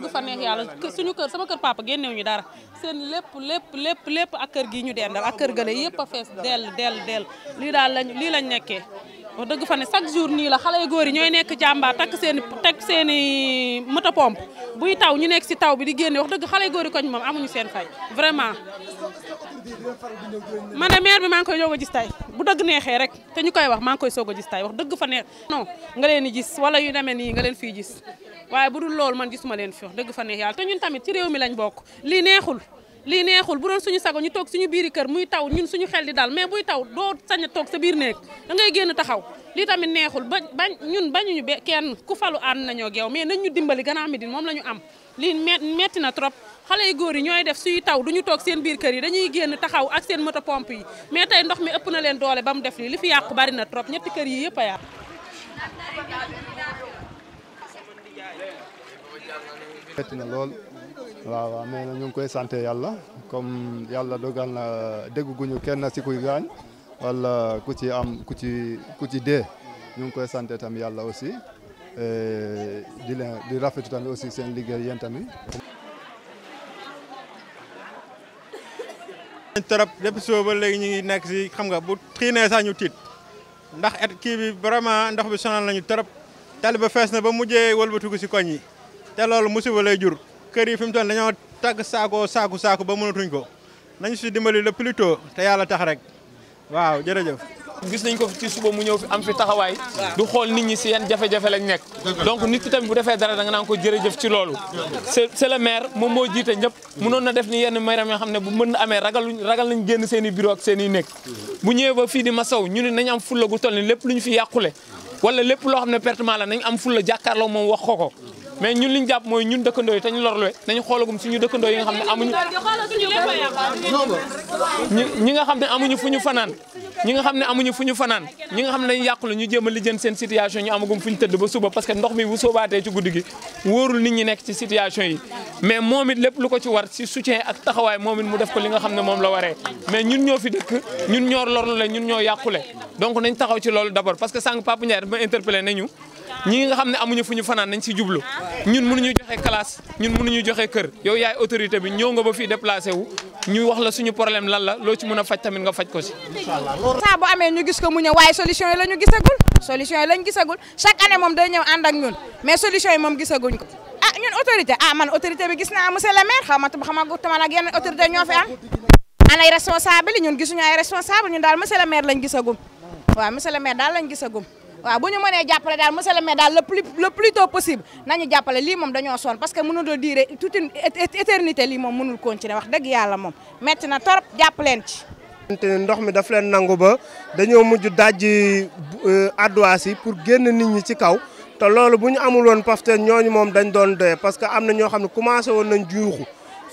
dëgg fa neex yàlla suñu kër sama kër papa génnewu ñu dara seen lépp lépp lépp lépp ak kër gi ñu dendal ak kër ga gële yëpp a fees dell dell del lii daal lañ lii lañ nekkee wax dëgg fa ne chaque jour nii la xale góor ñooy nekk jàmbaar takk seen takk seen i moto pompe buy taw ñu nekk si taw bi di génne wax dëgg xale góor yi koñ moom amuñu seen fay vraiment ma ne maire bi maa koy soog a gis tay bu dëgg neexee rek te ñu koy wax maa ngi koy soog jis tay wax dëgg fa neex non nga leen di gis wala yu demee nii nga leen fii gis waaye bu dul loolu man gisuma leen fi wax dëgg fa neex yàlla te ñun tamit ci réew mi lañ bokk lii neexul li neexul bu doon suñu sago ñu toog suñu biiri kër muy taw ñun suñu xel di daal mais buy taw doo sañ a toog sa biir néeg dangay ngay génn taxaw lii tamit neexul ba bañ ñun bañuñu be kenn ku falu ànd nañoo geew mais nañ ñu dimbali Grand Médine moom la ñu am lii metti na trop xale yu góor yi ñooy def suy taw duñu toog seen biir kër yi dañuy génn taxaw ak seen moto pompe mais tey ndox mi ëpp na leen doole ba mu def li fi yàqu bari na trop ñetti kër yi yëpp a yàqu fetti na lool waaw waaw mais ñu ngi koy santé yàlla comme yàlla dogal na dégguñu kenn si kuy gaañ walla ku ci am ku ci ku ci dee ñu ngi koy santé tam yàlla aussi di leen di rafetlu tamit aussi seen liggéey yéen tamit. trop depuis ba léegi ñu ngi nekk ci xam nga bu xiinee sax ñu tiit ndax et kii bi vraiment ndox bi sonal nañu trop tali ba fees na ba mujjee wëlbatiku ci koñ yi. te loolu musiba lay jur kër yi fi mu toll dañoo tagg saako saaku saaku ba mënatuñ ko nañ si dimbali le plus te yàlla tax rek waaw jërëjëf. gis nañ ko ci suba mu ñëw fi am fi taxawaay du xool nit ñi si yan jafe-jafe lañ nekk donc nit ki tamit bu defee dara da nga naan ko jërëjëf ci loolu c'est le maire moom moo jiite ñëpp mënoon na def ni yenn maire yoo xam ne bu mën na amee ragal ragal nañ génn seeni i seeni ak bu ñëwee ba fii di masaw ñu ne nañ am fulla gu toll ni lépp lu ñu fi yàqule wala lépp loo xam ne pertement la nañ am fulla jàkkaarloo moom wax ko ko mais ñun li ñu jàpp mooy ñun dëkkandoo yi te ñu lorluwe nañu xoolagum suñu dëkkandoo yi nga xam ne amuñu ñi nga xam ne amuñu fu ñu fanaan ñi nga xam ne amuñu fu ñu fanaan ñi nga xam ne dañu yàqule ñu jéem a lijjën seen situation ñu amagum fu ñu tëdd suba parce que ndox mi bu soobaatee ci guddi gi wóorul situation yi mais moom it lépp lu ci war si soutien ak taxawaay moom mu def ko li nga xam ne moom la waree mais ñun ñoo fi dëkk ñun ñoo lorlu le ñun ñoo yàqule donc nañ taxaw ci loolu d'abord parce que sànq Papa Ndiaye dafa interpellé nañu ñu ngi nga xam ne amuñu fu ñu fanaan nañ si jublu ñun mënuñu joxe classe ñun mënuñu joxe kër yow yaay autorité bi ñëw nga ba fii déplacé wu ñu wax la suñu problème lan la loo ci mën a faj tamit nga faj ko si. saa bu amee ñu gis ko mu ñëw waaye solution yi la ñu gisagul solution yi la ñu gisagul chaque année moom day ñëw ànd ak ñun mais solution yi moom gisaguñ ko. ah ñun autorité ah man autorité bi gis naa monsieur le maire xaw ma xamaa ak yenn autorité ñoo fi am. anay responsable yi ñun gisuñu ay responsable ñun daal monsieur le maire lañ gisagum waaw monsieur le maire daal waaw bu ñu mënee jàppale daal monsieur le maire daal le plus le plus tôt possible nañu jàppale lii moom dañoo sonn parce que mënul a durer toute une éternité lii moom mënul continuer wax dëgg yàlla moom metti na torop jàppaleen ci. ndox mi daf leen nangu ba dañoo mujj dajji euh, adduwaas yi pour génn nit ñi ci kaw te loolu bu ñu amul woon pafte ñooñu moom dañ doon doye parce que am na ñoo xam ne commencé woon nañ juuxu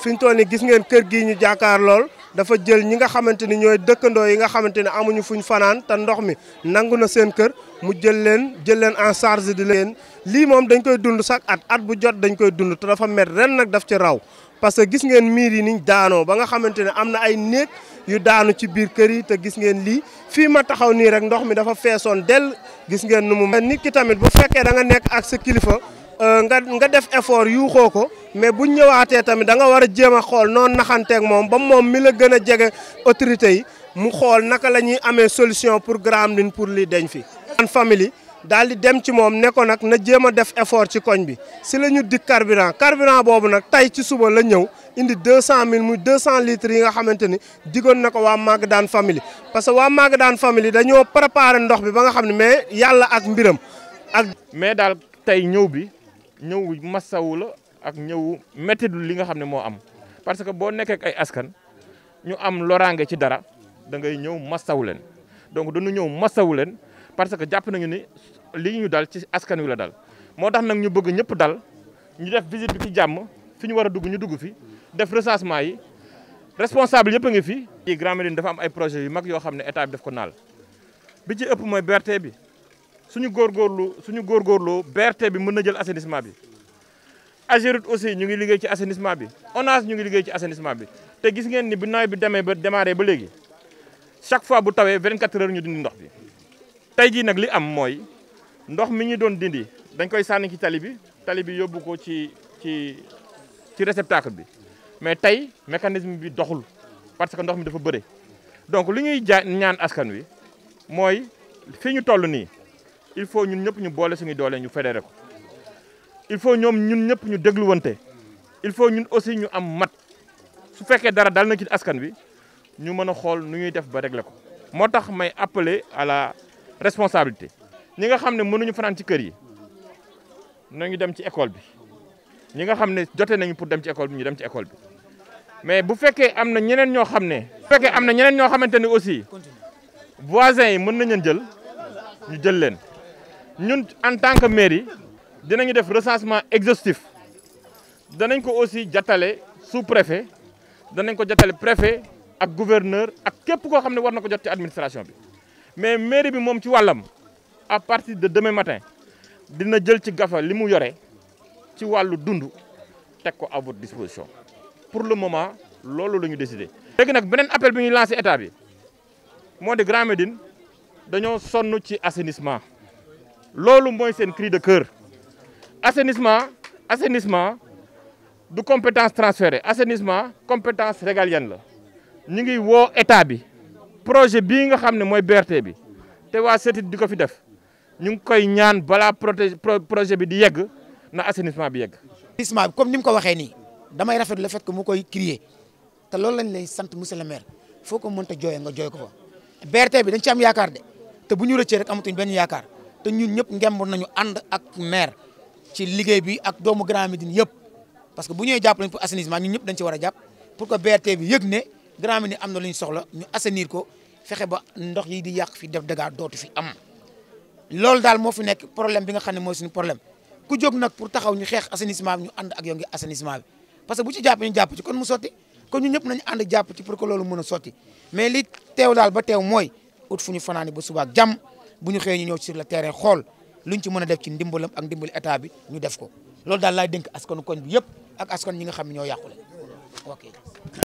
fi ñu toll nii gis ngeen kër gii ñu jàkkaar lool. dafa jël ñi nga xamante ni ñooy dëkkandoo yi nga xamante ni amuñu fuñ fanaan te ndox mi nangu na seen kër mu jël leen jël leen en charge di leen lii moom dañ koy dund sax at at bu jot dañ koy dund te dafa met ren nag daf ci raw parce que gis ngeen miir yi niñ daanoo ba nga xamante ne am na ay néeg yu daanu ci biir kër yi te gis ngeen lii fii ma taxaw nii rek ndox mi dafa feesoon dell gis ngeen nu mu nit ki tamit bu fekkee da nga nekk ak sa kilifa Euh, nga nga def effort yuuxoo ko mais buñ ñëwaatee tamit da nga war a jéem a xool noonu naxanteeg moom ba moom mi la gën a jege autorité yi mu xool naka la ñuy amee solution pour Grand Médine pour lii deñ fi. an famille daal di dem ci moom ne nag na jéem a def effort ci koñ bi si la ñu dig carburant carburant boobu nag tey ci suba la ñëw indi deux cent mille muy deux cent litres yi nga xamante ni digoon na ko waa Magadane famille. parce que waa Magadane famille dañoo préparer ndox bi ba nga xam ne mais yàlla ak mbiram ak. mais daal tey ñëw bi. ñëw masawu la ak ñëw méttidu li nga xam ne moo am parce que boo nekkee ay askan ñu am loraange ci dara da ngay ñëw masawu leen donc dañu ñëw masawu leen parce que jàpp nañu ni lii ñu daal ci askan wi la dal moo tax nag ñu bëgg ñëpp dal ñu def visite bi ci jàmm fi ñu war a dugg ñu dugg fi def recensement yi responsable yëpp a ngi fi. Grand Médine dafa am ay projet yu mag yoo xam ne état bi daf ko naal bi ci ëpp mooy BRT bi. suñu góorgóorlu suñu góorgóorloo BRT bi mën na jël assainissement bi Ageroute aussi ñu ngi liggéey ci assainissement bi ONAS ñu ngi liggéey ci assainissement bi te gis ngeen ni bi nawet bi demee ba démarré ba léegi chaque fois bu tawee 24 heures ñu dindi ndox bi tey jii nag li am mooy ndox mi ñu doon dindi dañ koy sànni ki tali bi tali bi yóbbu ko ci ci ci réceptacle bi mais tey mécanisme bi doxul parce que ndox mi dafa bëre donc li ñuy jaa ñaan askan wi mooy fi ñu toll nii il faut ñun ñëpp ñu boole suñu doole ñu fédéré ko il faut ñoom ñun ñëpp ñu dégluwante il faut ñun aussi ñu am mat su fekkee dara dal na ci askan bi ñu mën a xool nu ñuy def ba regle ko moo tax may appele à la responsabilité ñi nga xam ne mënuñu fanaan ci kër yi nañu dem ci école bi ñi nga xam ne jote nañu pour dem ci école bi ñu dem ci école bi mais bu fekkee am na ñeneen ñoo xam ne bu fekkee am na ñeneen ñoo xamante ne aussi voisins yi mën nañu jël ñu jël leen ñun en tant que mairie dinañu def recensement exhaustif danañ ko aussi jàttale sous préfet danañ ko jàttale préfet ak gouverneur ak képp koo xam ne war na ko jot ci administration bi mais mairie bi moom ci wàllam à partir de demain matin dina jël ci gafa li mu yore ci wàllu dund teg ko à votre disposition pour le moment loolu la ñu décidé. léegi nag beneen appel bi ñuy lancé état bi moo di Grand Médine dañoo sonn ci assainissement. lolu moy sen cri de cœur assainissement assainissement du compétence transférée assainissement compétence régalienne la ñu ngi woo état bi projet bi nga xamné moy mooy BRT bi té wa CETUD diko fi def ñu koy ñaan bala projet bi di yegg na assainissement bi yegg. assainissement comme nim ko waxé ni damay rafet le fait que mu koy crier té lolu lañ lay sante monsieur le maire foo ko mënta jooyee nga joy ko fa BRT bi dañ ci am yaakaar dé té buñu ñu rek amatuñ benn yaakaar. te ñun ñëpp ngemb nañu ànd ak maire ci liggéey bi ak doomu Grand Médine yëpp parce que bu ñëwee jàpp lañ pour assainissement ñëpp dañ ci war a jàpp pour que na lu ñu soxla ñu assainir ko fexe ba ndox yi di yàq fi def dégâts dootu fi am loolu daal moo nekk problème bi nga xam ne mooy suñu problème ku jóg nag pour taxaw ñu xeex assainissement ñu ànd ak yow ngi bi parce que bu ci jàpp ñu jàpp ci kon mu sotti kon ñu ñëpp nañu ànd jàpp ci pour que loolu mën a sotti mais li teew daal ba teew mooy ut fu ñu fanaani ba subaak jàmm bu ñu xëyee ñu ñëw sur le terrain xool lu ñu ci mën a def ci ndimbalam ak ndimbalu état bi ñu def ko loolu daal laay dénk askanu koñ bi yëpp ak askan ñi nga xam ne ñoo yàqule ok